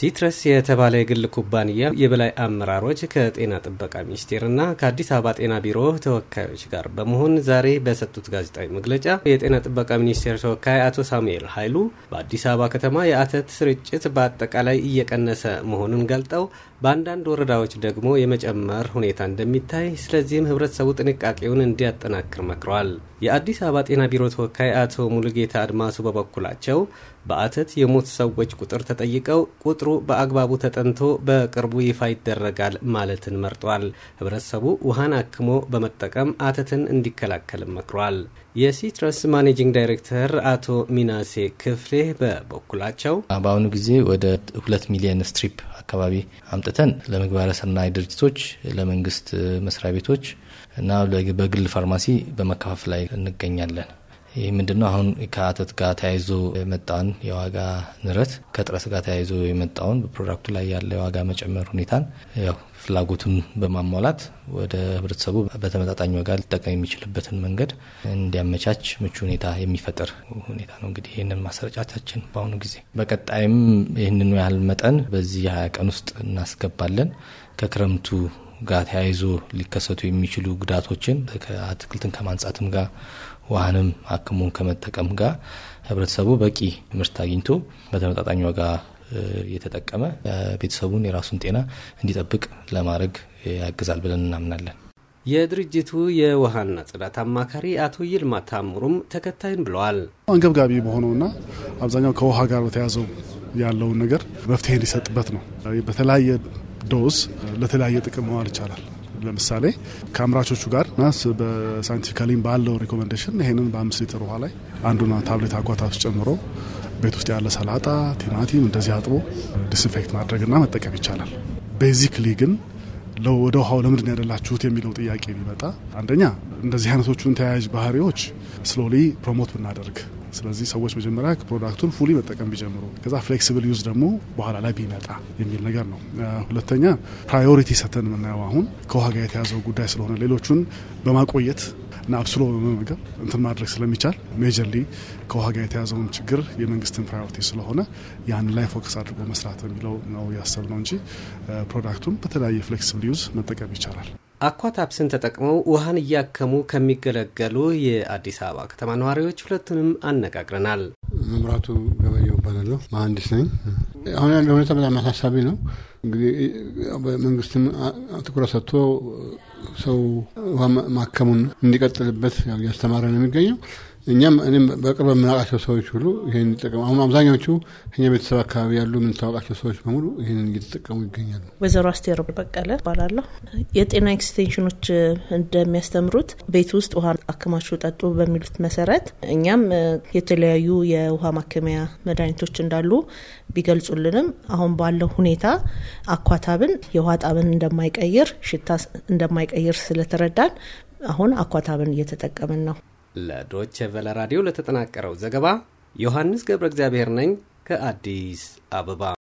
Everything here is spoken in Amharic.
ሲትረስ የተባለ የግል ኩባንያ የበላይ አመራሮች ከጤና ጥበቃ ሚኒስቴርና ከአዲስ አበባ ጤና ቢሮ ተወካዮች ጋር በመሆን ዛሬ በሰጡት ጋዜጣዊ መግለጫ የጤና ጥበቃ ሚኒስቴር ተወካይ አቶ ሳሙኤል ኃይሉ በአዲስ አበባ ከተማ የአተት ስርጭት በአጠቃላይ እየቀነሰ መሆኑን ገልጠው በአንዳንድ ወረዳዎች ደግሞ የመጨመር ሁኔታ እንደሚታይ፣ ስለዚህም ህብረተሰቡ ጥንቃቄውን እንዲያጠናክር መክረዋል። የአዲስ አበባ ጤና ቢሮ ተወካይ አቶ ሙሉጌታ አድማሱ በበኩላቸው በአተት የሞት ሰዎች ቁጥር ተጠይቀው ቁጥሩ ሚኒስትሩ በአግባቡ ተጠንቶ በቅርቡ ይፋ ይደረጋል ማለትን መርጧል። ህብረተሰቡ ውሃን አክሞ በመጠቀም አተትን እንዲከላከል መክሯል። የሲትረስ ማኔጂንግ ዳይሬክተር አቶ ሚናሴ ክፍሌ በበኩላቸው በአሁኑ ጊዜ ወደ ሁለት ሚሊየን ስትሪፕ አካባቢ አምጥተን ለምግባረ ሰናይ ድርጅቶች፣ ለመንግስት መስሪያ ቤቶች እና በግል ፋርማሲ በመከፋፈል ላይ እንገኛለን። ይህ ምንድነው? አሁን ከአተት ጋር ተያይዞ የመጣውን የዋጋ ንረት ከጥረት ጋር ተያይዞ የመጣውን በፕሮዳክቱ ላይ ያለ የዋጋ መጨመር ሁኔታን ያው ፍላጎቱን በማሟላት ወደ ህብረተሰቡ በተመጣጣኝ ዋጋ ሊጠቀም የሚችልበትን መንገድ እንዲያመቻች ምቹ ሁኔታ የሚፈጥር ሁኔታ ነው። እንግዲህ ይህንን ማሰረጫታችን በአሁኑ ጊዜ በቀጣይም ይህንኑ ያህል መጠን በዚህ ሀያ ቀን ውስጥ እናስገባለን ከክረምቱ ጋር ተያይዞ ሊከሰቱ የሚችሉ ጉዳቶችን አትክልትን ከማንጻትም ጋር ውሃንም አክሞን ከመጠቀም ጋር ህብረተሰቡ በቂ ምርት አግኝቶ በተመጣጣኝ ዋጋ የተጠቀመ ቤተሰቡን የራሱን ጤና እንዲጠብቅ ለማድረግ ያግዛል ብለን እናምናለን። የድርጅቱ የውሃና ጽዳት አማካሪ አቶ ይልማ ታምሩም ተከታይን ብለዋል። አንገብጋቢ በሆነውና አብዛኛው ከውሃ ጋር በተያዘው ያለውን ነገር መፍትሄ እንዲሰጥበት ነው። በተለያየ ዶዝ ለተለያየ ጥቅም መዋል ይቻላል። ለምሳሌ ከአምራቾቹ ጋር ናስ በሳይንቲፊካሊም ባለው ሪኮመንዴሽን ይሄንን በአምስት ሊትር ውሃ ላይ አንዱና ታብሌት አጓታስ ጨምሮ ቤት ውስጥ ያለ ሰላጣ፣ ቲማቲም እንደዚህ አጥቦ ዲስንፌክት ማድረግና መጠቀም ይቻላል። ቤዚክሊ ግን ወደ ውሃው ለምንድን ያደላችሁት የሚለው ጥያቄ ቢመጣ አንደኛ እንደዚህ አይነቶቹን ተያያዥ ባህሪዎች ስሎሊ ፕሮሞት ብናደርግ ስለዚህ ሰዎች መጀመሪያ ፕሮዳክቱን ፉሊ መጠቀም ቢጀምሩ ከዛ ፍሌክሲብል ዩዝ ደግሞ በኋላ ላይ ቢመጣ የሚል ነገር ነው። ሁለተኛ ፕራዮሪቲ ሰተን የምናየው አሁን ከውሃ ጋር የተያዘው ጉዳይ ስለሆነ ሌሎቹን በማቆየት እና አብስሎ በመመገብ እንትን ማድረግ ስለሚቻል ሜጀርሊ ከውሃ ጋር የተያዘውን ችግር የመንግስትን ፕራዮሪቲ ስለሆነ ያን ላይ ፎከስ አድርጎ መስራት የሚለው ነው ያሰብ ነው እንጂ ፕሮዳክቱን በተለያየ ፍሌክሲብል ዩዝ መጠቀም ይቻላል። አኳታፕስን ተጠቅመው ውሃን እያከሙ ከሚገለገሉ የአዲስ አበባ ከተማ ነዋሪዎች ሁለቱንም አነጋግረናል። መምራቱ ገበየው እባላለሁ፣ መሀንዲስ ነኝ። አሁን ያለው ሁኔታ በጣም አሳሳቢ ነው። እንግዲህ መንግስትም ትኩረት ሰጥቶ ሰው ውሃ ማከሙን እንዲቀጥልበት እያስተማረ ነው የሚገኘው እኛም እኔም በቅርብ የምናውቃቸው ሰዎች ሁሉ ይህን ይጠቀሙ። አሁን አብዛኛዎቹ እኛ ቤተሰብ አካባቢ ያሉ የምንታወቃቸው ሰዎች በሙሉ ይህንን እየተጠቀሙ ይገኛሉ። ወይዘሮ አስቴር በቀለ እባላለሁ። የጤና ኤክስቴንሽኖች እንደሚያስተምሩት ቤት ውስጥ ውሃ አከማችሁ ጠጡ በሚሉት መሰረት እኛም የተለያዩ የውሃ ማከሚያ መድኃኒቶች እንዳሉ ቢገልጹልንም አሁን ባለው ሁኔታ አኳታብን የውሃ ጣብን እንደማይቀይር፣ ሽታ እንደማይቀይር ስለተረዳን አሁን አኳታብን እየተጠቀምን ነው። ለዶች ቨለ ራዲዮ ለተጠናቀረው ዘገባ ዮሐንስ ገብረ እግዚአብሔር ነኝ ከአዲስ አበባ